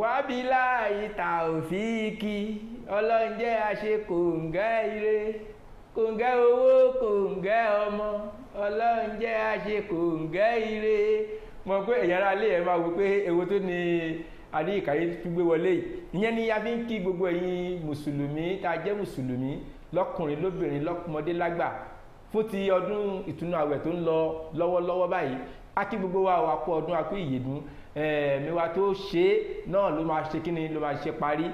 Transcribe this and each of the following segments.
wábílà ìta òfìkì ọlọ́njẹ́ àṣe kòǹgẹ́ ire kòǹgẹ́ owó kòǹgẹ́ ọmọ ọlọ́njẹ́ àṣe kòǹgẹ́ ire mọ̀ pé ẹ̀yára lé ẹ̀ máa wò pé èwo tó ní adéyìkáyé fi gbé wọlé yìí ìyẹn ni a fi ń kí gbogbo ẹ̀yin mùsùlùmí tá a jẹ́ mùsùlùmí lọ́kùnrin lóbìnrin lọ́mọdé lágbà fún ti ọdún ìtúnu àwẹ̀ tó ń lọ lọ́wọ́lọ́wọ́ báyìí a kí gbogbo wa wà kú ọdún a kú ìyèdún mẹ́wàá tó ṣe é náà ló máa ṣe kíni ló máa ṣe parí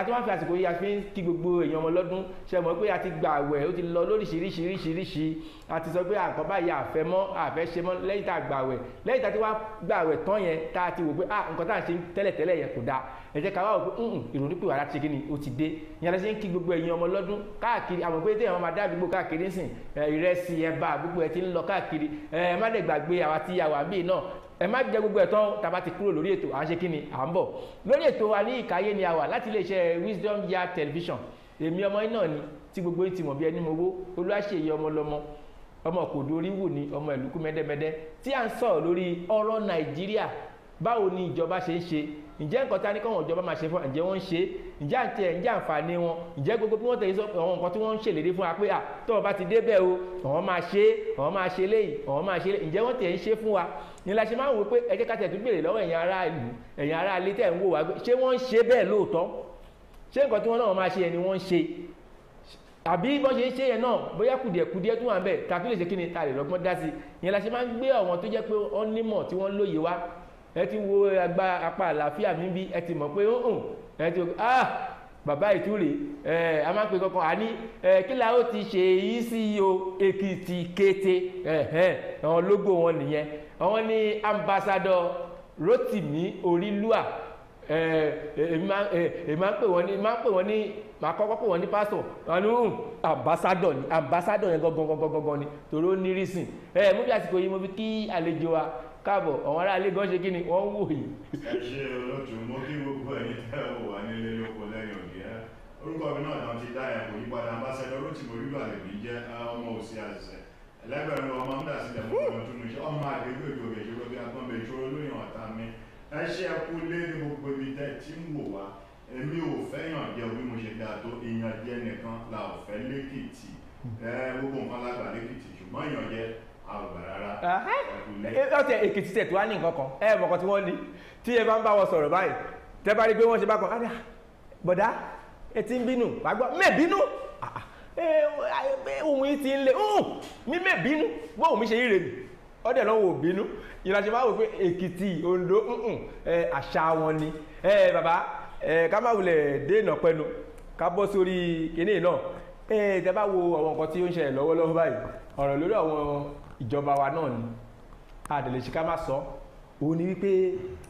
àti wọ́n fi àsìkò yìí àfi kí gbogbo èèyàn ọmọ lọ́dún ṣe mọ̀ pé a ti gba àwẹ̀ ó ti lọ lóríṣiríṣiríṣiríṣi a ti sọ pé àkọ́ báyìí àfẹ́ mọ́ àfẹ́ ṣe mọ́ lẹ́yìn tá a gba àwẹ̀ lẹ́yìn tá a ti wá gba àwẹ̀ tán yẹn tá a ti wò pé ah nǹkan tá a ṣe tẹ́lẹ̀tẹ́lẹ̀ yẹn kò dáa ẹ jẹ́ ká wá wò pé ìrònú pè wá láti ṣe kíni ó ti dé ìyàrá ṣe ń kí gbogbo èèyàn ọmọ lọ́dún káàkiri àmọ́ pé téèyàn máa dá àdúgbò káàkiri sìn ìrẹsì ẹ̀bà gbogbo ẹ̀ ti ń lọ káàkiri ẹ má dẹ̀ gbàgbé àwa tí a wà bíi náà ẹ má jẹ gbogbo ẹ̀tọ́ tàbá ti kúrò lórí ètò à ń ṣe kí ni à ń bọ̀ lórí ètò wa ní ìkàyé ni a wà láti iléeṣẹ́ Wisdom ya Television èmi ọmọ iná ni tí gbogbo yìí ti mọ̀ bí ẹni mowó Olúwaṣeyì ọmọlọmọ ọmọ kòdó oríwù ni ọmọ ìlú kú mẹ́dẹ́mẹ́dẹ́ tí à ń sọ̀rọ̀ lórí ọ̀rọ̀ Nàìjíríà báwo ni ìjọba ṣe ń ṣe ǹjẹ́ nǹkan tí a ní kọ́ wọn ìjọba máa ṣe fún ǹjẹ́ wọ́n ń ṣe ǹjẹ́ àǹtẹ̀ ǹjẹ́ àǹfààní wọn ǹjẹ́ gbogbo bí wọ́n tẹ̀lé sọ àwọn nǹkan tí wọ́n ń ṣèlérí fún wa pé à tọ́ ọba ti débẹ̀ o àwọn máa ṣe àwọn máa ṣe léyìí àwọn máa ṣe léyìí ǹjẹ́ wọ́n tẹ̀ ń ṣe fún wa ni la ṣe máa ń wò pé ẹ jẹ́ ká tẹ̀ tún béèrè lọ́wọ́ ẹ̀yin ará ìlú ẹ̀yin ará ilé tẹ̀ ń wò wá ṣé wọ́n ń ṣe bẹ́ẹ̀ lóòótọ́ ṣé nǹkan tí wọ́n náà máa ṣe yẹn ni wọ́n ń ṣe àbí bọ́n ṣe ń ṣe yẹn náà bóyá kùdìẹ̀kùdìẹ̀ tó wà ń bẹ̀ tàbí lè ṣe kí ni ta lè lọ́gbọ́n dá sí ìyẹn la ṣe máa ń gbé àwọn tó jẹ́ pé wọ́n nímọ̀ tí wọ́n lóye wá ẹ ti wo agbá apá àlàáfíà mi bí ẹ ti mọ̀ pé ó hàn ẹ ti wò ah bàbá ìtúrè ẹ a máa ń pè kankan àní ẹ kí la ó ti ṣe yìí sí o èkìtì kété àwọn lógò wọn nìyẹn àwọn ní ambassadọ Rotimi Orílùà èmi máa ń pè wọ́n ní máa ń pè wọ́n ní máa kọ́kọ́ pè wọ́n ní pásítọ̀ àánú ambassadọ̀ ni ambassadọ̀ yẹn gangan gangan gangan ni tòró ní rísìn ẹ mú bí àsìkò yìí mo fi kí àlejò wa káàbọ̀ àwọn ará ilé gan ṣe kí ni wọ́n wò yìí. ẹ ṣe olóòtú mo kí gbogbo ẹ̀yin tẹ́ ò wà nílé lóko lẹ́yìn òdì ẹ́ orúkọ mi náà náà ti dá ẹ̀ kò yípadà ambassador rotimo rílò àlèmí jẹ́ ọmọ òsì àṣẹ ẹlẹ́gbẹ̀rún ọmọ ń dàsí ìdààmú ọ̀nà tó nu iṣẹ́ ọmọ àgbègbè ìlú òbèjòrò bí agbọ́n bèjòrò lóyún ọ̀tá mi ẹ ṣe ẹkú lé ní gbogbo ibi tẹ́ tí ń wò wá èmi ò fẹ́yàn jẹ́ bí mo ṣe dá tó ìyànjẹ nìkan la ò fẹ́ lẹ́kìtì gbogbo nǹkan lágbà lẹ́kìtì ṣùgbọ́n ìyànjẹ ọtẹ èkìtì tẹ tó wá ní nǹkan kan ẹ mọ̀kàn tí wọ́n ní tí ẹ bá ń bá wọn sọ̀rọ̀ báyìí tẹ bá rí pé wọ́n ṣe bá kan kárí bọ̀dá ẹ ń bínú wàá mẹ́bínú ah, ah. ohun yìí ti ń le mi mẹ́bínú bó ohun ṣe yíre mi ọdẹ lọ́wọ́ òbínú ìrìnàjò máa wò pé èkìtì ondo àṣà wọn ni bàbá ká má wulẹ̀ dènà pẹnu ká bọ́ sórí kìnìún náà tẹ bá wo àwọn nǹkan tí ó ń ṣẹlẹ̀ lọ́wọ́lọ́wọ́ báyìí ọ̀rọ̀ lórí àwọn ìjọba wa náà ni àdèlè ṣìkà má sọ òun ni wípé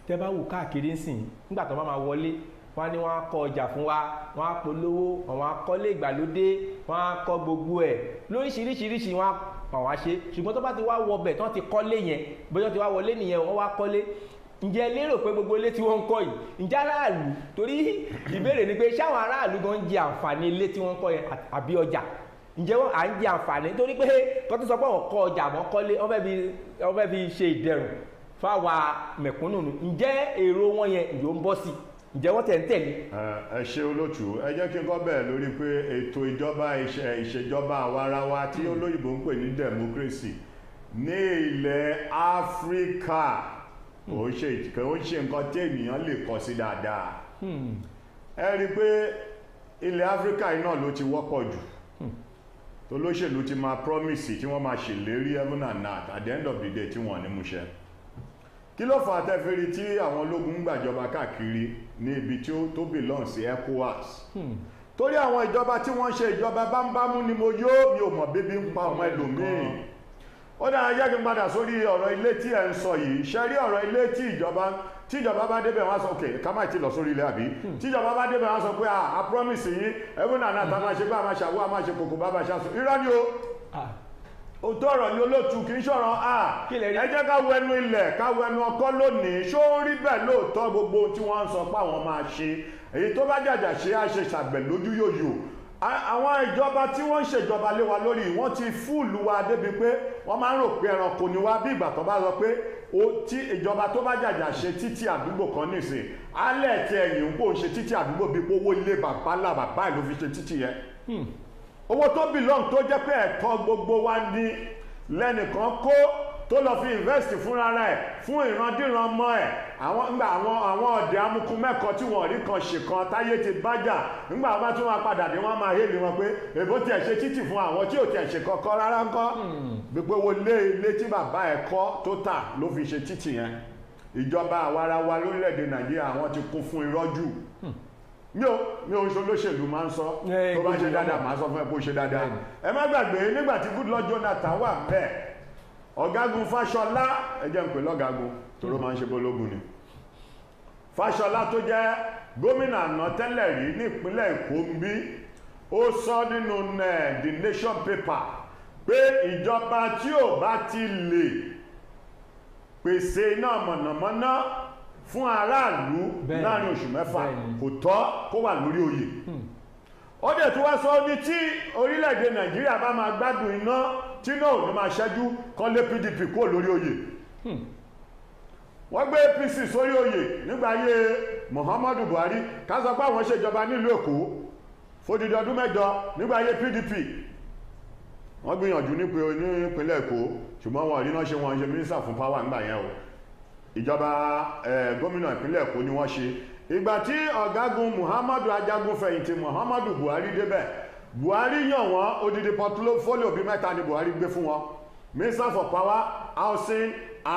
tẹ́ bá wù káàkiri nsìn nígbà tó bá máa wọlé wọ́n ní wọ́n á kọ ọjà fún wa wọ́n á polówó àwọn akọ́lé ìgbàlódé wọ́n á kọ́ gbogbo ẹ̀ lóríṣiríṣiríṣi wọ́n á àwọn á ṣe ṣùgbọ́n tó bá ti wá wọbẹ̀ tó ti kọ́lé yẹn bóyá ti wá wọlé nìyẹn wọ́n wá kọ́lé ǹjẹ́ lérò pé gbogbo ilé tí wọ́n ń kọ́ yìí ǹjẹ́ aráàlú torí ìbéèrè ni pé ṣáwọn aráàlú gan jẹ àǹfààní ilé tí wọ́n ń kọ́ yẹn àbí ọjà ǹjẹ́ wọ́n à ń jẹ àǹfààní torí pé kó tó sọ pé àwọn ọjà àwọn kọ́lé wọ́n fẹ́ fi wọ́n fẹ́ fi ṣe ìdẹ̀rùn fáwa mẹ̀kúnnù ǹjẹ́ èrò wọn yẹn yóò ń bọ́ sí ǹjẹ́ wọ́n tẹ̀ ń tẹ̀lé. ẹ ṣe olóòtú ẹ jẹ́ kí n kọ́ bẹ̀rẹ̀ lórí pé ètò ìjọba ìṣèjọba àwarawa tí olóyìnbó ń pè ní democracy ní ilẹ̀ áfíríkà kò ń ṣe nǹkan tí ènìyàn lè kọ́ sí dáadáa hmm. ẹ rí i pé ilẹ̀ áfíríkà iná ló ti wọ́pọ̀ jù olóṣèlú ti máa promise tí wọ́n máa ṣèlérí heaven and earth at the end of the day tí wọ́n ní múṣẹ kí ló fà á tẹ́fẹ́rí tí àwọn ológun ń gbàjọba káàkiri ní ibi tí ó tó belong sí ECOWAS hmm. torí àwọn ìjọba tí wọ́n ṣe ìjọba bámbámú ni mo yó mi ò mọ̀ bíbí ń pa ọmọ ẹlòmíì ó dára jẹ́ kí n padà sórí ọ̀rọ̀ ilé tí ẹ̀ ń sọ yìí ṣe rí ọ̀rọ̀ ilé tí ìjọba tíjọba bá débẹ̀ wọ́n á sọ ok ká má ti lọ sórí ilé àbí hmm. tíjọba bá débẹ̀ wọ́n sọ pé ah, a promise yín ẹ̀fún nàánà tá a máa ṣe bá a máa ṣàwó a máa ṣe kòkò bá a máa ṣàṣù irọ́ ni o ah. òtó ọ̀rọ̀ ni olóòtú kì í ṣọ̀rọ̀ a ah, ẹ jẹ́ ká wẹnu ilẹ̀ ká wẹnu ọkọ́ lónìí ṣó ń rí bẹ́ẹ̀ lóòótọ́ gbogbo tí wọ́n ń sọ pé àwọn máa ṣe èyí tó bá jàjà ṣe á ṣe ṣàgbẹ̀ lójú yòyò àwọn ìjọba tí wọ́n ń ṣèjọba lé wa lórí wọ́n ti fúùlù wa débi pé wọ́n máa ń rò pé ẹranko ni wá bí ìgbà tó bá sọ pé tí ìjọba tó bá jàjà ṣe títí àdúgbò kan nìsín alẹ́ tí ẹ̀yìn ń bò ń ṣe títí àdúgbò bíi pé owó ilé bàbá là bàbá ìlú fi ṣe títí yẹn hmm. owó tó bìlọ́ǹ tó jẹ́ pé ẹ̀tọ́ gbogbo wa ní lẹ́nìkan kó tó lọ fi invest fúnra rẹ̀ fún ìrandíran ọmọ ẹ̀ àwọn ńgbà àwọn àwọn ọ̀dẹ̀ amukú mẹ́kọ̀ọ́ tí wọ́n rí kan ṣe kan táyé ti bájà ńgbà wọn bá tún wọn padà dé wọn máa hélì wọn pé èbó tiẹ̀ ṣe títì fún àwọn tí ò tiẹ̀ ṣe kọ́kọ́ rárá ńkọ́ hmm. gbogbo wo lé ilé tí bàbá ẹ̀ kọ́ tó tà ló fi ṣe títì yẹn ìjọba àwarawa lórílẹ̀‐èdè nàìjíríà àwọn ti kún fún irọ́ jù hmm. mi ò mi ò ń ṣolóṣèlú máa ń sọ eh, tó bá ṣe dáadáa máa sọ fún ẹ kó ṣe dáadáa ẹ má gbàgbé nígbà tí Goodluck Jonathan wà bẹ́ẹ̀ ọ̀gágun fáṣọlá ẹjẹ́ ń pè lọ́gágun tóró máa ń ṣe bólógún ni fáṣọlá tó jẹ́ gómìnà àná tẹ́lẹ̀ rí nípínlẹ̀ èkó ń bí ó sọ nínú eh, the nation paper pé ìjọba tí ò bá ti lè pèsè iná mọ̀nàmọ́ná fún aráàlú láàrin oṣù mẹ́fà kò tọ́ kó wà lórí oyè. Hmm ó dẹ̀ tó wá sọ ní tí orílẹ̀-èdè nàìjíríà bá máa gbádùn iná tí náà ló máa ṣẹ́jú kán lé pdp kúrò lórí oyè hmm. wọ́n gbé apc sórí oyè nígbà ayé muhammadu buhari ká sọ pé àwọn ṣèjọba nílùú èkó fódìdí ọdún mẹ́jọ nígbà ayé pdp wọ́n gbìyànjú nípínlẹ̀ èkó ṣùgbọ́n wọn ìrìnà ṣe wọn ṣe mínísà fún pàwà nígbà yẹn o ìjọba eh, gómìnà ìpínlẹ̀ èkó ni wọ́n ṣe ìgbà tí ọ̀gágun muhammadu ajagun fẹ̀yìntì muhammadu buhari débẹ̀ buhari yàn wọ́n odidi portfolio bíi mẹ́ta ni buhari gbé fún wọn minister for power housing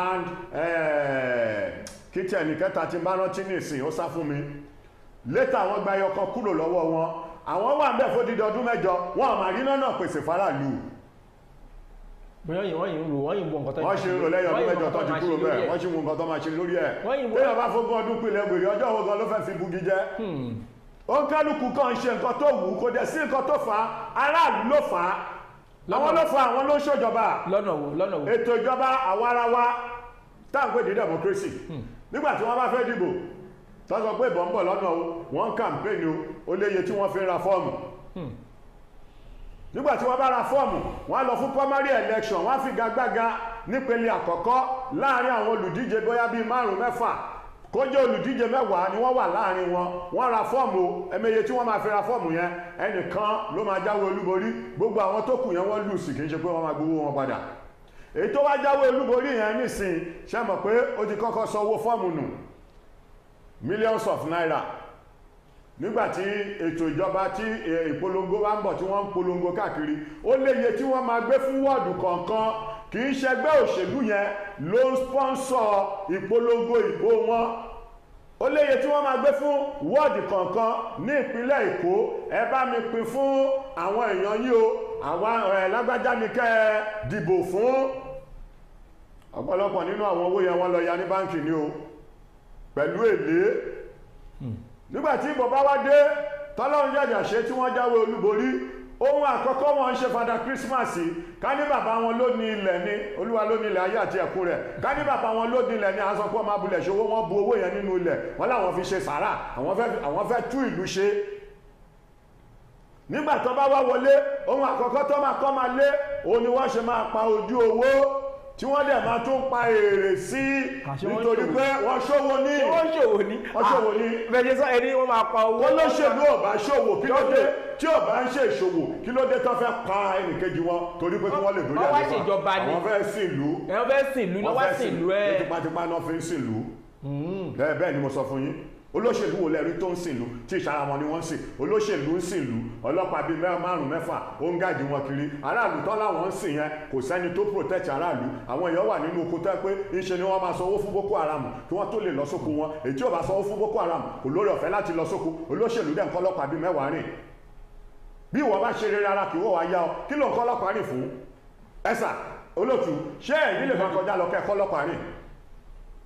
and eh, kìtì ẹnìkẹta ti bá rántí ní ìsìn ó sá fún mi létà àwọn gba ẹyọkan kúrò lọ́wọ́ wọn àwọn wà ń bẹ̀ fódidi ọdún mẹ́jọ wọn àmàrí náà pèsè faraàlú wọ́n yìí wọ́n yìí ń ro wọ́n yìí ń bọ̀ nǹkan tó wọ́n ṣe ń ro lẹ́yìn ọdún mẹ́jọ tó ti kúrò bẹ́ẹ̀ wọ́n ṣe ń wo nǹkan tó máa ṣe lórí ẹ̀ téèyàn bá fógún ọdún pilẹ̀ wèrè ọjọ́ wo gan ló fẹ́ fi bugi jẹ́ hmm. ó kálukú kan ṣe nǹkan tó wù kó dẹ̀ sí nǹkan tó fà á aráàlú ló fà á àwọn ló fà àwọn ló ń ṣèjọba lọ́nà wo lọ́nà wo ètò ìjọba àwa ara wa táǹpé di democracy hmm. nígbà tí wọ́n bá fẹ́ dìbò tó sọ pé ìbọn ń bọ̀ lọ́nà o wọ́n ń kàmpéènì o ó léye tí wọ́n fi ń ra fọ́ọ̀mù hmm nígbàtí wọ́n bá ra fọ́ọ̀mù wọ́n lọ fún primary election wọ́n fi gagbága nípele àkọ́kọ́ láàrin àwọn olùdíje bóyá bíi márùn-ún mẹ́fà kó jẹ́ olùdíje mẹ́wàá ni wọ́n wà láàrin wọn wọ́n ra fọ́ọ̀mù ẹmẹye tí wọ́n máa fi ra fọ́ọ̀mù yẹn ẹnìkan ló máa jáwé olúborí gbogbo àwọn tó kù yẹn wọ́n lù sí kì í ṣe pé wọ́n máa gbowó wọn padà èyí tó wá jáwé olúborí yẹn nísìnyí ṣe mọ̀ pé ó ti kọ́kọ́ sanwó fọ́ọ̀mù nù millions of naira nígbàtí ètò ìjọba tí e, ìpolongo bá ń bọ̀ tí wọ́n ń polongo káàkiri ó léye tí wọ́n máa gbé fún wọ́ọ̀dù kọ̀ọ̀kan kì í ṣẹgbẹ́ òṣèlú yẹn ló ń spọ́nsọ̀ ìpolongo ìbò wọn ó léye tí wọ́n máa gbé fún wọ́ọ̀dù kọ̀ọ̀kan ní ìpínlẹ̀ èkó ẹ bá mi pín fún àwọn èèyàn yìí o àwọn ẹ̀ lágbájá ni kẹ́ ẹ dìbò fún ọ̀pọ̀lọpọ̀ nínú àwọn owó yẹn wọ́n lọ ya ní báǹkì ni o pẹ̀lú èlé nígbà tí ìbò bá wá dé tọ́lọ́run jàjà ṣe tí wọ́n jáwé olúborí ohun àkọ́kọ́ wọn ń ṣe fada kírísímàsì ká ní bàbá wọn ló ní ilẹ̀ ní olúwa ló ní ilẹ̀ ayé àti ẹ̀kún rẹ̀ ká ní bàbá wọn ló ní ilẹ̀ ní asọ́pọ̀ máa bulẹ̀ ṣòwò wọn bu owó yẹn nínú ilẹ̀ wọn làwọn fi ṣe sàrà àwọn fẹ́ tú ìlú ṣe nígbà tó bá wá wọlé ohun àkọ́kọ́ tó máa kọ́ máa lé òun ni wọ́n ṣe máa pa ojú owó tí wọ́n dẹ̀ máa tún pa èrè sí nítorí pé wọ́n ṣòwò ní wọ́n ṣòwò ní wọ́n ṣòwò ní ah, bẹ̀rẹ̀ sọ ẹni wọ́n máa pa owó wọ́n lóṣèlú ò bá ṣòwò kí ló dé tí ò bá ń ṣe ìṣòwò kí ló dé tó fẹ́ pa ẹnìkejì wọn torí pé kí wọ́n lè dórí àdìpá wọ́n wá ṣèjọba ni àwọn fẹ́ sìnlú wọ́n fẹ́ sìnlú wọ́n wá sìnlú ẹ̀ tipátipá náà fi ń sìnlú hmm. bẹ́ẹ̀ bẹ́ẹ̀ ni mo sọ fún yín olóṣèlú wo lẹ́rí tó ń sìnlú tí ìṣara wọn ni wọ́n ń sìn olóṣèlú ń sìnlú ọlọ́pàá bíi márùn mẹ́fà ó ń gáàdì wọn kiri aráàlú tán láwọn ń sìn yẹn kò sẹ́ni tó protect aráàlú àwọn èèyàn wà nínú oko tẹ́ pé ńṣe ni wọ́n máa sanwó fún Boko Haram kí wọ́n tó lè lọ sóko wọn èyí tí ò bá sanwó fún Boko Haram kò lórí ọ̀fẹ́ láti lọ sóko olóṣèlú dẹ̀ ń kọ́ ọlọ́pàá bíi mẹ́wàá rìn bí ìwọ bá ṣe rere ara kì í wọ́n wá yá ọ kí ló ń kọ́ ọlọ́pàá rìn fún ẹ̀sà olótú ṣé ẹ̀yin lè fẹ́ kọjá lọ kẹ́ ẹ̀kọ́ ọlọ́pàá rìn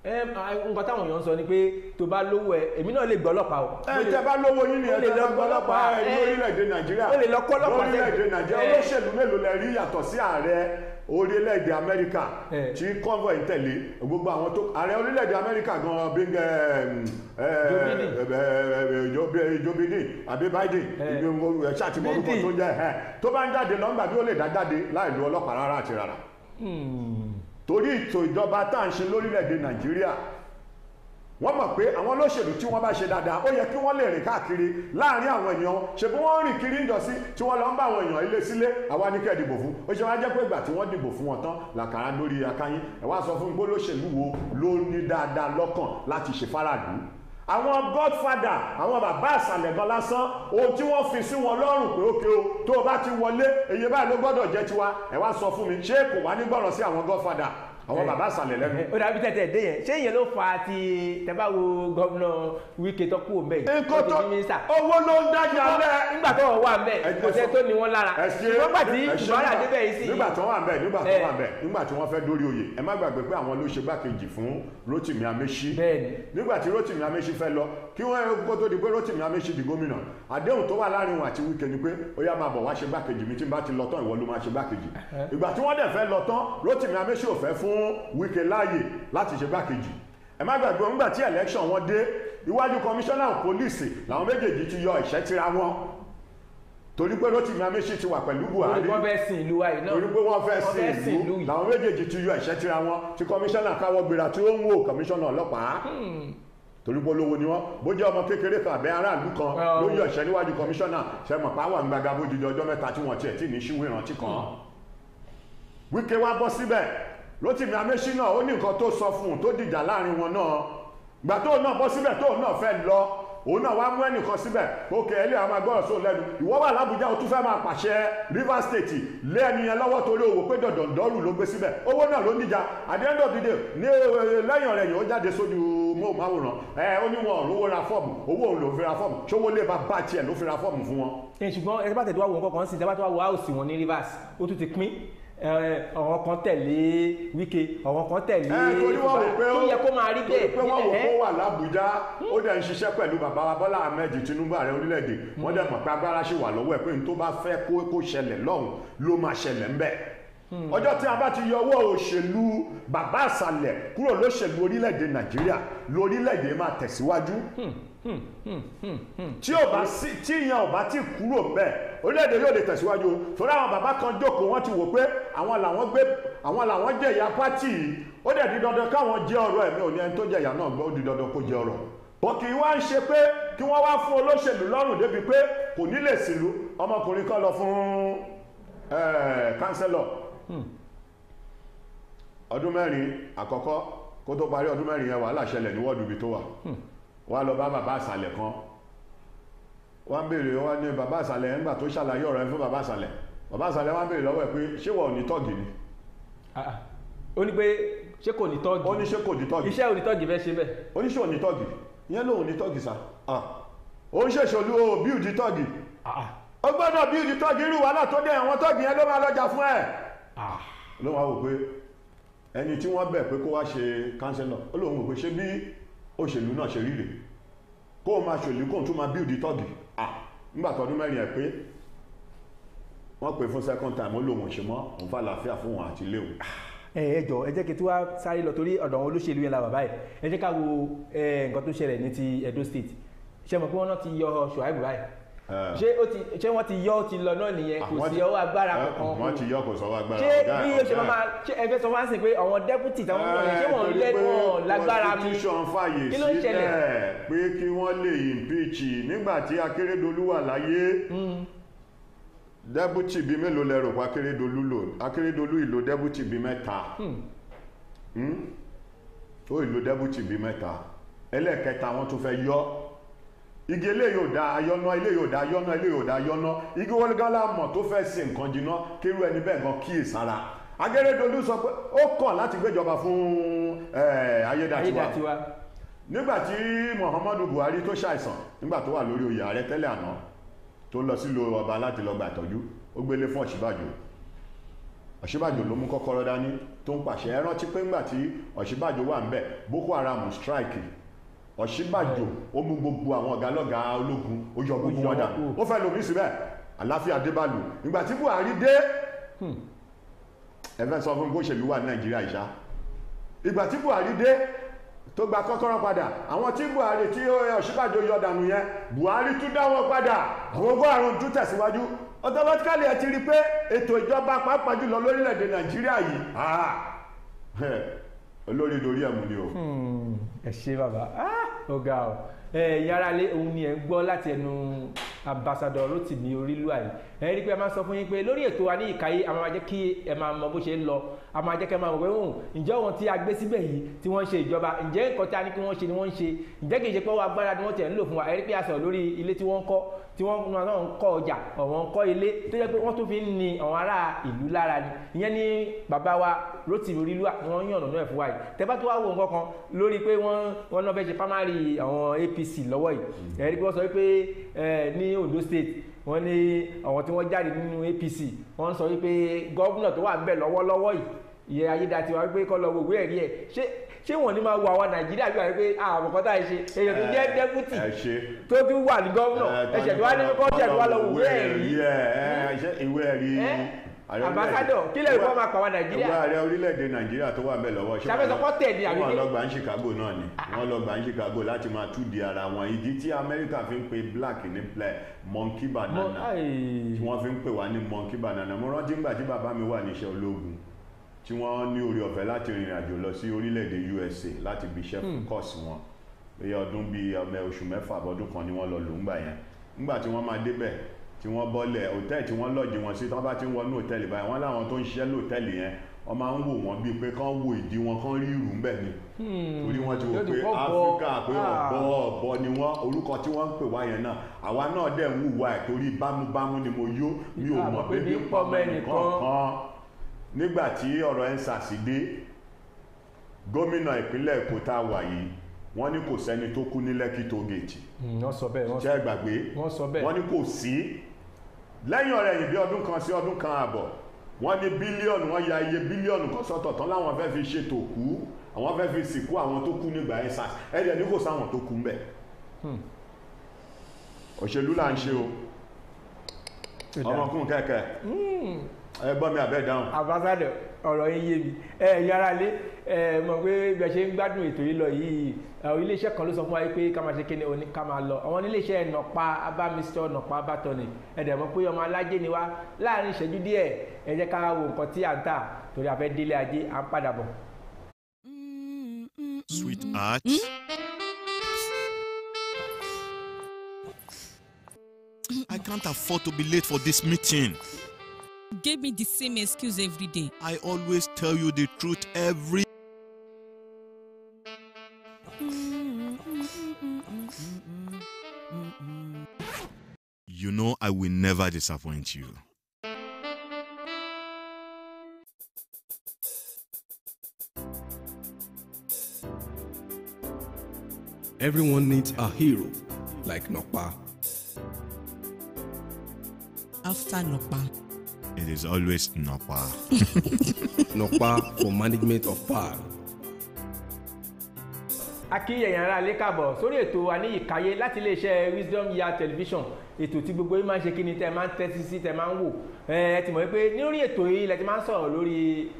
nǹkan táwọn èèyàn ń sọ ni pé tó bá lówó ẹ èmi náà lè gbọ́ ọlọ́pàá o. ẹ tẹ bá lówó yín ni ẹ tẹ bá gbọ́ ọlọ́pàá ẹ ní orílẹ̀-èdè nàìjíríà ó lè lọ kọ́ ọlọ́pàá sẹ́yìn lórílẹ̀-èdè nàìjíríà olóṣèlú mélòó lẹ rí yàtọ̀ sí ààrẹ orílẹ̀-èdè amẹ́ríkà tí convoy ń tẹ̀lé gbogbo àwọn tó ààrẹ orílẹ̀-èdè amẹ́ríkà gan bíngẹ̀ Joe Biden àbí Biden ṣàtìmọ̀ orúkọ tó ń jẹ́ tó bá ń jáde lọ́ngbà bí ó lè dá jáde láì lu ọlọ́pàá rárá àti rárá. Hmm torí ètò ìjọba tá à ń ṣe lórílẹ̀‐èdè nàìjíríà wọ́n mọ̀ pé àwọn olóṣèlú tí wọ́n bá ṣe dáadáa ó yẹ kí wọ́n lè rìn káàkiri láàrin àwọn èèyàn ṣe bí wọ́n rìn kiri ń jọsí tí wọ́n lọ ń bá àwọn èèyàn ilé sílé àwa ní kẹ́ dìbò fún ó ṣe wá jẹ́ pé ìgbà tí wọ́n dìbò fún wọn tán làkàrà lórí akáyín ẹ̀ wá sọ fún gbólóṣèlú wo ló ní dáadáa lọ́kàn láti ṣe fáráàlú àwọn godfather àwọn bàbá àsàlẹ̀ gan lásán ohun tí wọ́n fi sí wọn lọ́rùn pé ókè o tó o bá ti wọlé èyí báyìí ló gbọ́dọ̀ jẹ́ tiwa ẹ̀ wá sọ fún mi ṣé kò wá nígbọ̀ràn sí àwọn godfather àwọn eh. bàbá sàlẹ̀ lẹ́nu. ó dàbí tẹ̀tẹ̀ dé yẹn ṣé ìyẹn ló fa ti tẹ́bá wo gómìnà Wike tó kú òǹbẹ̀ yìí. nǹkan tó owó ló ń dájà lẹ́. nígbà tó wà ń bẹ̀ ọ̀sẹ̀ tó ni wọ́n lára. nígbà tí ìbára débẹ̀ yìí sí. nígbà tó wà ń bẹ̀ nígbà tó eh. wà ń bẹ̀ nígbà tí wọ́n fẹ́ dórí oyè ẹ má gbàgbé pé àwọn ló ṣe gbákejì fún Rotimi Amechi. nígbà tí Rotimi Amechi fẹ́ lọ kí wọ́n kó tó di pé Rotimi Amechi di gómìnà àdéhùn tó wà láàrin wọn àti Wike ni pé ó yá máa bọ̀ wá ṣe gbákejì mi tí n bá ti lọ tán ìwọ ló máa ṣe gbákejì. Eh. ìgbà tí wọ́n dẹ̀ fẹ́ lọ tán Rotimi Amechi ò fẹ́ fún fún Wike láàyè láti ṣe gbákejì ẹ má gbàgbé ńgbà tí election wọn dé iwájú kọmíṣánná pólíìsì làwọn méjèèjì ti yọ ìṣẹ́ tira wọn torí pé Rotimi Amaechi ti wà pẹ̀lú Buhari wọ́n fẹ́ sin ìlú ayé náà torí pé wọ́n fẹ́ sin ìlú làwọn méjèèjì ti yọ ìṣẹ́ tira wọn tí kọmíṣánná káwọ́ gbéra tí ó ń wò kọmíṣánná ọlọ́pàá hmm. torí pé olówó ni wọn bó jẹ́ ọmọ kékeré kan àbẹ́ aráàlú kan ló yọ ìṣẹ́ níwájú kọmíṣánná sẹ́mọ̀ pàwọ́ àgbàgbà bójú ọjọ́ mẹ́ta tí wọ́n tiẹ̀ tí ní ṣíwèé rántí kan Wike wá bọ́ síbẹ̀ Rotimi Amesina ó ní nǹkan tó sọ fún un tó dìjà láàrin wọn náà gbà tóun náà bọ́ síbẹ̀ tóun náà fẹ́ lọ òun náà wá mú ẹnìkan síbẹ̀ òkè ẹlẹ́ àwọn agbọ́rọ̀ sóun lẹ́nu ìwọ wà lábújá o tún fẹ́ máa pàṣẹ Rivers State lé ẹni yẹn lọ́wọ́ torí owó pé dọ̀dọ̀dọ́rù ló gbé síbẹ̀ owó náà ló níjà at the end of the day ní eh, lẹ́yìn ọ̀rẹ́ yìí ó jáde sójú móhùnmáwòrán ẹ ó ní wọn òun owó ra fọ́ọ̀mù owó òun ló fi ra fọ́ọ̀mù ṣówó lè bá bá tiẹ̀ ló fi ra fọ́ọ̀mù fún wọn. ṣùgbọ́n ẹ àwọn eh, kan tẹ̀lé Wike àwọn kan tẹ̀lé ìjọba eh, tó yẹ kó máa rí bẹ́ẹ̀ nílẹ̀ ẹ́. wọ́n wò ó wà eh, l'Abuja ó dẹ̀ ń ṣiṣẹ́ pẹ̀lú bàbá Bọ́lá Ahmed Tinubu ààrẹ orílẹ̀-èdè wọ́n dẹ̀ mọ̀ pé agbára ṣì wà lọ́wọ́ ẹ̀ pé n tó bá fẹ́ kó ṣẹlẹ̀ lọ́hùn ló máa ṣẹlẹ̀ ń bẹ̀. Hmm. ọjọ́ tí a bá ti yọwọ́ òṣèlú bàbá àṣàlẹ̀ kúrò lóṣèlú orílẹ̀-èdè Nàìjíríà lórílẹ̀-èdè máa tẹ̀síwájú. Hmm, hmm, tí ìyẹn ò bá ti kúrò bẹ́ẹ̀ orílẹ̀-èdè yóò lè tẹ̀síwájú torí àwọn bàbá kan jókòó wọ́n ti wò pé àwọn làwọn gbé àwọn làwọn jẹ ìyá pátì ó dẹ̀ di dandan káwọn jẹ ọ̀rọ̀ ẹ̀mí ò ní ẹni tó jẹ ìyá náà ó di dandan kó jẹ ọ̀rọ̀ bọ́n kì í wá ń ṣe pé kí wọ́n wá fún olóṣèlú lọ́rùn débi pé kò ní lè sílú ọmọkùnrin kan lọ fún kánsẹ́lọ̀ hmm. ọdún mẹ́rin àkọ́kọ́ kó tó parí ọdún mẹ́rin yẹn wàhálà ṣẹlẹ̀ ní wọ́ọ̀dù ibi tó wà hmm. wá lọ bá bàbá àṣàlẹ̀ kan wọ́n béèrè wọ́n ní bàbá àṣàlẹ̀ ńgbà tó ṣàlàyé ọ̀rọ̀ ẹ̀ fún bàbá àṣàlẹ̀ bàbá àṣàlẹ̀ wọ́n béèrè lọ́wọ́ ẹ̀ pé ṣé wọ́n ò ní tọ́ọ̀gì ni. o ah, ah. ní pé ṣé kò ní tọ́ọ̀gì. ó ní ṣé kò ní tọ́ọ̀gì. iṣẹ́ ò ní tọ́ọ̀gì fẹ́ ṣe bẹ́ẹ̀. ó ní ṣé ò ní tọ́ọ̀gì ìyẹn lòun ní tọ́ọ̀gì sá. Ah. ó ń ṣèṣolú o bíùdì tọ́ọ̀gì. ó gbọ́dọ̀ bíùdì tọ́ọ̀gì irú wàhálà tó dé àwọn tọ́ọ̀gì yẹn ló máa lọ́jà fún ẹ̀. ló wá wò pé ẹni tí wọ́n bẹ̀ pé kó wá ṣe kánsẹ́lọ̀ ó lóun wò pé ṣé bí òṣèlú náà ṣe rí o máa ah nígbà tọdún mẹ́rin ẹ̀ pé wọ́n pè fún second time ó lòun ṣe mọ́ òun fà láàfíà fún òun àti ilé òun. ẹ ẹ jọ ẹ jẹ́ kí tí wàá sáré lọ torí ọ̀dọ̀ àwọn olóṣèlú yẹn la bàbá yìí ẹ jẹ́ ká wo nǹkan tó ṣẹlẹ̀ ní ti Edo State ṣe mọ̀ pé wọ́n náà ti yọ Ṣùháìbù báyìí Ah. ṣé ó ti ṣé wọ́n ti yọ ó ti lọ náà nìyẹn kò ah, sí ọwọ́ agbára ah, kankan wọ́n ti yọ kò sọ́wọ́ agbára ṣé bí ó ṣe máa ṣe ẹgbẹ́ sọ fáǹsì pé àwọn dẹ́pútì táwọn ń lọ ṣé wọ́n lé wọn lágbára mi kí ló ń ṣẹlẹ̀ pé kí wọ́n lè impeach nígbà tí Akérédolú wà láyé hmm. dẹ́bùtì bíi mélòó lẹ́rọ̀ pa Akérédolú lò Akérédolú ìlò dẹ́bùtì bíi mẹ́ta hmm. Hmm? ó ìlò dẹ́bùtì bíi mẹ́ta ẹlẹ́ẹ̀kẹta wọ́n tún fẹ́ yọ igi eléyìí ò da ayọ́nà eléyìí ò da ayọ́nà eléyìí ò da ayọ́nà igi wọlé gan la mọ̀ tó fẹ́ ṣe nǹkan jìnnà kírú ẹni bẹ́ẹ̀ gan kíyè sára Akérédolú sọ pé ó kọ̀ láti gbéjọba fún Ayédàtiwa nígbà tí Muhammadu Buhari tó ṣàìsàn nígbà tó wà lórí oyè ààrẹ tẹ́lẹ̀ àná tó lọ sílùú ọba láti lọ gbà ìtọ́jú ó gbélé fún Ọ̀ṣínbàjò Ọ̀ṣínbàjò ló mú kọ́kọ́rọ́ dání tó ń pàṣẹ ẹ rántí pé ńgbà tí Ọ̀ṣínbàjò wà ń bẹ̀ Boko Haram strike ọ̀ṣínbàjò ó mú gbogbo àwọn ọ̀gá lọ́gá ológun ó yọ gbogbo wọn dà ó fẹ́ lómi síbẹ̀ àláfíà débàlù ìgbà tí Buhari dé hmm. ẹ̀fẹ́ sọ fún gbóṣèlú wà ní Nàìjíríà ìṣá ìgbà tí Buhari dé tó gba kọ́kọ́rọ́ padà àwọn tí Buhari tí ọ̀ṣínbàjò yọ dànù yẹn Buhari tún dá wọn padà àwọn ogún àrùn tún tẹ̀síwájú automatically ẹ ti rí pé ètò ìjọba pàápàá jùlọ lórílẹ̀ olórí dorí ẹ̀mú ni o. Hmm, ẹ ṣe bàbá ó ga ọ ẹ̀yin aráalé òun ni ẹ̀ ń gbọ́ láti ẹnu ambassadọ Rotimi Orílùwàyí ẹ̀ rí pé a máa sọ fún yín pé lórí ètò wa ní ìkàyé a máa jẹ́ kí ẹ máa mọ bó ṣe ń lọ a máa jẹ́ kí ẹ máa mọ̀ pé hùn hmm, ǹjẹ́ wọn tí a gbé síbẹ̀ yìí tí wọ́n ń ṣe ìjọba ǹjẹ́ nǹkan tí a ní kí wọ́n ṣe ni wọ́n ń ṣe ǹjẹ́ kì í ṣe pé wọ́n agbára ni wọ́n tẹ̀ ń lò fún wa ẹ̀ rí pé a sọ̀rọ̀ lórí ilé tí wọ́n kọ́ tí wọ́n ń kọ́ ọjà ọ̀wọ́n kọ́ ilé tó jẹ́ pé wọ́n tún fi ń ni àwọn ará ìlú lára ni ìyẹn ni bàbá wa Rotimi Orílùwà wọ́n yànnà náà fún wa yìí tẹ́ bá tó wá wo nǹkan kan lórí pé wọ́n náà fẹ́ ṣe primary àwọn ap apc lọ́wọ́ yìí ẹ̀rí bí wọ́n sọ wípé ní ondo state wọ́n ní àwọn tí wọ́n jáde nínú apc wọ́n sọ wípé gọ́vùnà tó wà ń bẹ̀ lọ́wọ́lọ́wọ́ yìí ìyẹn ayédatiwa wípé kọ́ lọ wo ìwé ẹ̀rí ẹ̀ ṣé ṣé wọn ní máa wo àwọn nàìjíríà bí wàá pé àbùkọ́ tá a ṣe èèyàn tó jẹ́ dẹ́kútì tó tún wà ní gọ́vùnà ẹ̀ṣẹ̀ tó wá ní kọ́ńtẹ̀ tó wà lọ wo ìwé ambassador kí lè rúbọ́ máa pàwọn nàìjíríà. ìwé ààrẹ orílẹ̀-èdè nàìjíríà tó wà bẹ́ẹ̀ lọ́wọ́ ṣé wọ́n lọ gbà ń chicago náà ni wọ́n lọ gbà ń chicago láti máa túdi ara wọn ìdí tí amẹ́ríkà fi ń pe black ní plẹ̀ monkey banana tí wọ́n fi ń pè wá ní monkey banana mo rántí ńgbà tí bàbá mi wà níṣẹ́ ológun tí wọ́n ní orí ọ̀fẹ́ láti rìnrìn àjò lọ sí orílẹ̀-èdè USA láti bí iṣẹ́ kọ́ọ̀sì hmm. wọn lóye ọdún bíi ọmọ oṣù mẹ́fà bọ́dún kan ni wọ́n lọ lò ńgbà yẹn ńgbà tí wọ́n máa débẹ̀ tí wọ́n bọ́lẹ̀ hòtẹ́ẹ̀lì tí wọ́n lọ́ọ̀jì wọn sí tí wọ́n bá ti ń wọnú hòtẹ́ẹ̀lì báyìí wọ́n láwọn tó ń ṣiṣẹ́ lóòtẹ́ẹ̀lì yẹn wọ́n máa ń wò wọ́n bíi pé kán wo ìdí wọn kán rí ìrù ńbẹ̀ ni hmm. torí wọ́n ti wò pé áfíríkà pé ah. ọ̀bọ ọ̀bọ ni wọ́n orúkọ tí wọ́n ń pè wá yẹn náà àwa náà dẹ̀ ń wùwà ẹ̀ torí bámúbámú ni mo yó mi ò ah, mọ̀ pé bí pọ́mẹ́ nìkan kan nígbà tí ọ̀rọ̀ ẹ̀ ń sàṣìdé gómìnà ìpínlẹ̀ Èkó tá a wà yìí wọ́n ní kò sẹ́ni tó kú ní Lẹ́kì tógèètì hmm, wọ́n sọ bẹ́ẹ̀ wọ́n sọ bẹ́ẹ̀ wọ́n ní kò sí lẹ́yìn ọ̀rẹ́ yìí bí ọdún kan sí ọdún kan àbọ̀ wọ́n ní bílíọ̀nù wọ́n ya iye bílíọ̀nù kan sọ́tọ̀ tán láwọn fẹ́ fi ṣètò kú àwọn fẹ́ fi sìnkú àwọn tó kú nígbà ẹ̀ sàn ẹ̀dẹ̀ ní kò sáwọn tó kú mbẹ̀ hmm. òṣèlú là ń ṣe o ọmọkùnrin kẹ̀kẹ́ hmm ẹ gbọ́ mi àbẹ́ dáhùn. àbáṣádọ̀ ọ̀rọ̀ yín yé mi ẹ ẹ̀yin ilé ẹ mọ̀ pé bí a ṣe ń gbádùn ètò yìí lọ yìí iléeṣẹ́ kan ló sọ fún wa pé ká máa ṣe kíni òní ká máa lọ àwọn iléeṣẹ́ nọ̀pa abámisọ nọ̀pa abátọ̀nì ẹ̀dẹ̀ mọ̀ pé ọmọ alájẹ ni wá láàrin ìṣẹ́jú díẹ̀ ẹ jẹ́ ká wo nǹkan tí à ń tà torí a délé ajé à ń padà bọ̀. sweet mm-hmm. heart. Mm-hmm. I can't afford to be late for this meeting. gave me the same excuse every day. I always tell you the truth every You know I will never disappoint you. Everyone needs a hero like Nokpa. After Nokpa, It is always Nopa. Nopa for management of power. Akíyẹ̀yẹ̀ ara lè kàbọ̀ sórí ètò àníyíkáyé láti iléeṣẹ́ Wisdom Yard Television ètò tí gbogbo yín máa ń ṣe kí ni tẹ́ ẹ máa ń tẹ́tí sí tẹ́ ẹ máa ń wò ẹ ti mọ̀ pé lórí ètò yìí lẹ ti máa ń sọ̀rọ̀ lórí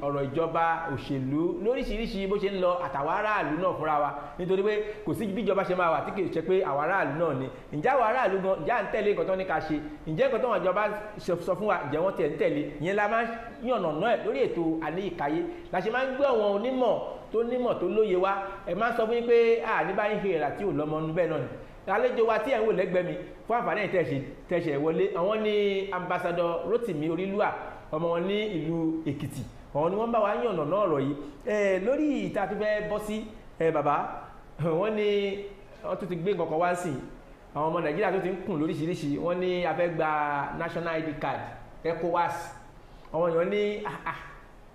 ọ̀rọ̀ ìjọba òṣèlú lóríṣiríṣi bó ṣe ń lọ àtàwọn aráàlú náà fúnra wa nítorí pé kò sí bí ìjọba ṣe máa wà tí kì í ṣe pé àwọn aráàlú náà ni ǹjẹ́ àwọn aráàlú gan ǹjẹ́ à ń tẹ̀lé nǹkan tó ní ká ṣe ǹjẹ́ nǹkan tó wọn ìjọba sọ fún wa ǹjẹ́ wọ́n tẹ̀ ń tẹ̀lé ìyẹn la máa ń yànnàná ẹ̀ lórí ètò àníyíkáyé la ṣe máa ń gbé àwọn onímọ̀ tó nímọ̀ tó lóye wa ẹ máa ń sọ fún yín pé à ní báyìí ṣe ìrà tí ò lọ́mọ ọdún bẹ́ẹ̀ náà ni àlejò wa tí ẹ̀ ń wò lẹ́gbẹ̀ẹ́ mi fún àǹfààní ìtẹ̀sẹ̀ tẹ̀sẹ̀ wọlé àwọn ní ambassadọ Rotimi Orílùwà ọmọ wọn ní ìlú Èkìtì àwọn ni wọ́n bá wa yànnà náà ọ̀rọ̀ yìí lórí ìta tó fẹ́ bọ́ sí bàbá wọ́n ní wọ́n tún ti gbé nǹkan kan wá sí àwọn ọmọ Nàìjíríà tó ti ń kùn lóríṣiríṣi wọ́n ní a gba national ID card ECOWAS àwọn èèyàn ní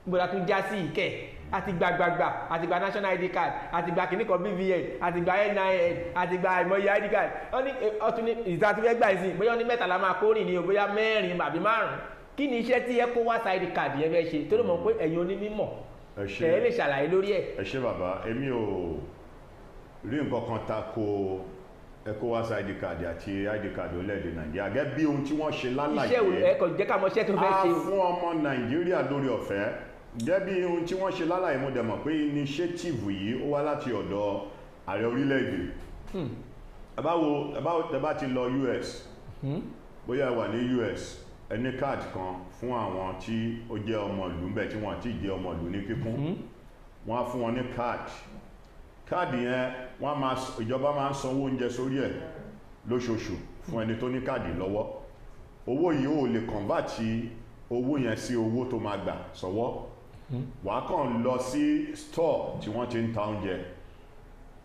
gbọ́dọ̀ tún já sí ìkẹ́ àtìgbà gbàgbà àtìgbà national id card àtìgbà kìnnìkan bvn àtìgbà nin àtìgbà ìmọ̀ye id card wọ́n ní ọtún ní ìsàtúfẹ́ gbà sí bóyá wọ́n ní mẹ́ta la máa kó rìn ní o bóyá mẹ́rin àbí márùn-ún kí ni iṣẹ́ tí ẹ kó wá id card yẹn fẹ́ ṣe torí mọ̀ pé ẹ̀yin onímọ̀ ẹ̀ lè ṣàlàyé lórí ẹ̀. ẹ ṣe bàbá èmi ò rí nǹkan kan ta ko ecowas id card àti id card orílẹ̀-èdè nàìjíríà gẹ́gẹ́ bí ohun tí wọ́n ṣe lálàyé iṣẹ́ ẹ̀kọ́ jẹ́ ká mọ̀ iṣẹ́ tó fẹ́ ṣe. a fún ọmọ nàìjíríà lórí ọ̀fẹ́ gẹ́bí ohun tí wọ́n ṣe lálàyé mo dẹ̀mọ̀ pé initiative yìí ó wá láti ọ̀dọ̀ ààrẹ orílẹ̀-èdè hmm. ẹ̀báwo ẹ̀báwo tẹ́bá ti lọ US hmm. bóyá wà ní US ẹni card kan fún àwọn tí ó jẹ́ ọmọ ìlú ńbẹ̀ tí wọ́n ti jẹ́ ọmọ ìlú ní kíkún hmm. wọ́n á fún wọn ní card card yẹn wọ́n máa ìjọba máa ń sanwó oúnjẹ sórí ẹ̀ lóṣooṣù fún ẹni tó ní káàdì lọ́wọ́ owó yìí ò lè convert owó yẹn sí owó tó máa gbà sọ́wọ́ Hmm? wàá kàn lọ sí store tí wọ́n ti ń ta oúnjẹ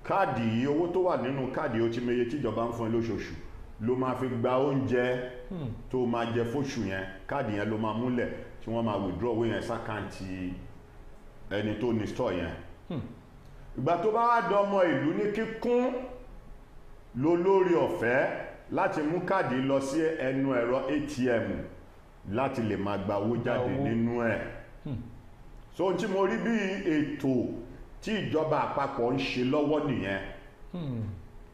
káàdì yìí owó tó wà nínú káàdì ó ti meye tíjọba ń fún ẹ lóṣooṣù ló máa fi gba oúnjẹ hmm. tó máa jẹ fóṣù yẹn káàdì yẹn ló máa múlẹ̀ tí wọ́n máa withdraw owó yẹn sákàǹtì ẹni tó ní store yẹn hmm. ìgbà tó bá wá dọmọ ìlú ní kíkún lo lórí ọ̀fẹ́ láti mú káàdì lọ sí ẹnu ẹ̀rọ atm láti lè máa gba owó jáde nínú ẹ̀ so ohun tí mo rí bí ètò tí ìjọba àpapọ̀ ń ṣe lọ́wọ́ nìyẹn hmm.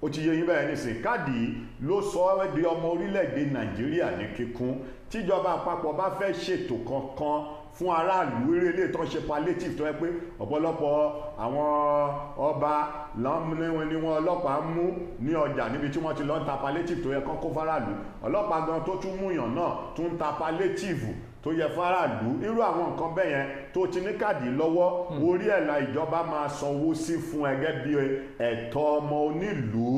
ó ti yé yín bẹ́ẹ̀ nísìn káàdì ló sọ ọ́ di ọmọ orílẹ̀-èdè nàìjíríà ní kíkún tíjọba àpapọ̀ bá fẹ́ ṣètò kankan fún aráàlú eré ilé tó ń ṣe palliative tó yẹ pé ọ̀pọ̀lọpọ̀ àwọn ọba ni wọn ọlọ́pàá mú ní ọjà níbi tí wọ́n ti lọ ń ta palliative tó yẹ kán kó fáráàlú ọlọ́pàá gan tó tún múyàn náà tún ń ta palliative tó yẹ fún aráàlú irú àwọn nǹkan bẹ́ẹ̀ yẹn tó ti ní káàdì lọ́wọ́ hmm. orí ẹ̀la ìjọba máa sanwó sí fún ẹgẹ́ bí ẹ̀tọ́ ọmọ onílùú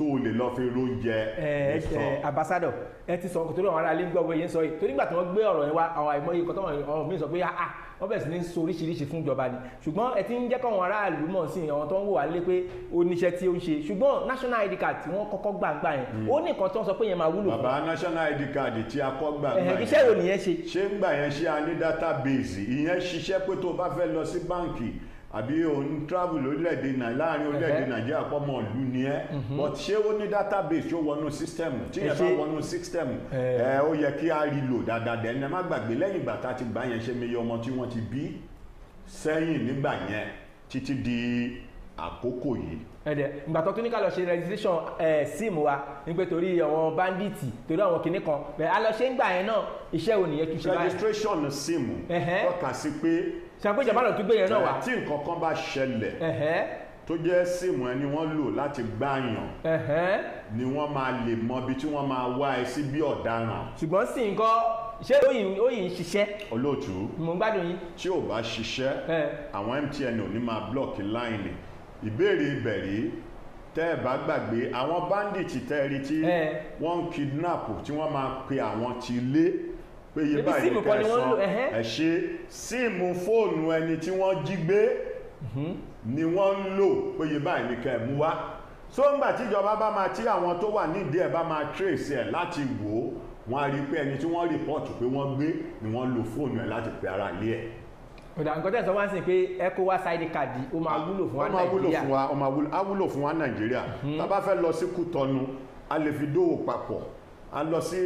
tó o lè lọ fi róúnjẹ ẹ ẹ ambassadọ ẹ ti sọ torí àwọn aráalé ń gbọ́ wẹ̀yẹ sọ yìí torí ìgbà tí wọ́n gbé ọ̀rọ̀ yẹn wá àwọn àìmọye nǹkan táwọn ọ̀rọ̀ mi sọ pé ah, ah wọ́n bẹ̀rẹ̀ sí ní sọ oríṣiríṣi fún ìjọba ni ṣùgbọ́n ẹ ti ń jẹ́ káwọn aráàlú mọ̀ sí àwọn tó ń wò wá lé pé oníṣẹ́ tí ó ń ṣe ṣùgbọ́n national id card tí wọ́n kọ́kọ́ gbàgbà yẹn hmm. ó ní nǹkan tí wọ́n sọ pé yẹn máa wúlò bàbá national id card tí a kọ́ gbàgbà yẹn iṣẹ́ wo nìyẹn ṣe. ṣé ń gbà yẹn ṣe a ní database ìyẹn ṣiṣẹ́ pé tó o bá fẹ́ lọ sí báǹkì àbí òun travel lórílẹ̀‐èdè náà láàrin orílẹ̀‐èdè nàìjíríà pọ́mọ ìlú ni ẹ́ mhm. but ṣé ó ní database tó wọnú system tí yẹn bá wọnú system ẹ ó yẹ kí a rí lò dáadáa dẹ́n ẹ má gbàgbé lẹ́yìn ìgbà tá a ti gbà yẹn ṣe meye ọmọ tí wọ́n ti bí sẹ́yìn nígbà yẹn títí di àkókò yìí. ẹ̀dẹ̀ ìgbà tó tún ní ká lọ ṣe registration sim wa ní pé torí àwọn bandits torí àwọn kinní kan a lọ ṣe ń gbà yẹn náà iṣẹ́ ṣàpé jàmánà tó gbé yẹn náà wá. tí nǹkan kan bá ṣẹlẹ̀ tó jẹ́ síìmù ẹni wọ́n lò láti gbààyàn ni wọ́n máa lè mọ ibi tí wọ́n máa wá ẹ sí bí ọ̀daràn. ṣùgbọ́n sì ń kọ́ ṣé òyìn ń ṣiṣẹ́. olóòtú mo ń gbádùn yín. tí ò bá ṣiṣẹ́ àwọn MTN ò ní máa blọ́ọ̀kì láìní ìbéèrè ìbẹ̀rí tẹ́ ẹ bá gbàgbé àwọn bandits tẹ́ ẹ rí tí wọ́n ń kidnap tí wọ́n máa pe àwọn ti lé pé iye báyìí ní kẹsàn ẹ ṣe síìmù fóònù ẹni tí wọ́n jí gbé mhm. ni wọ́n ń lò pé iye báyìí ní kẹ mú wá so ńgbà tíjọba bá máa tí àwọn tó wà nídìí ẹ̀ bá máa trace ẹ̀ láti wò ó wọ́n á rí i pé ẹni tí wọ́n rìpọ́ọ̀tù pé wọ́n gbé ni wọ́n lo fóònù ẹ̀ láti pe ara ilé ẹ̀ ọ̀dà nǹkan tẹ̀sán wá sí pé ECOWAS ID card ó máa wúlò fún wa nàìjíríà ó máa wúlò fún wa nàìjíríà mhm. tá a bá fẹ́ lọ sí Kútọ́nù a lè fi dówò papọ̀ a lọ sí